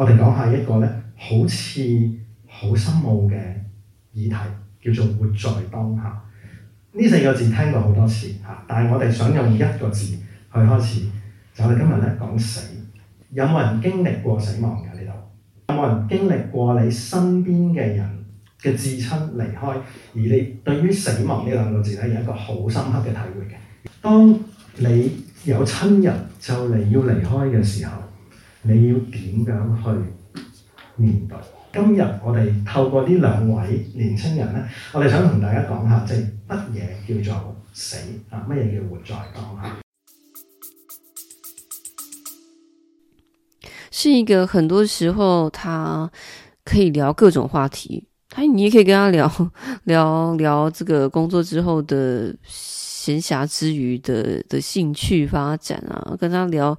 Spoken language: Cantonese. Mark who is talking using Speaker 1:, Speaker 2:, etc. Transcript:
Speaker 1: 我哋講下一個咧，好似好深奧嘅議題，叫做活在當下。呢四個字聽過好多次嚇，但係我哋想用一個字去開始。就我哋今日咧講死，有冇人經歷過死亡㗎？呢度有冇人經歷過你身邊嘅人嘅至親離開，而你對於死亡呢兩個字咧有一個好深刻嘅體會嘅？當你有親人就嚟要離開嘅時候。你要點樣去面對？今日我哋透過呢兩位年輕人呢，我哋想同大家講下，即係乜嘢叫做死啊？乜嘢叫活在當下？是一個很多時候，他可以聊各種話題。他你也可以跟他聊聊聊，聊這個工作之後的閒暇之餘的的興趣發展啊，跟他聊。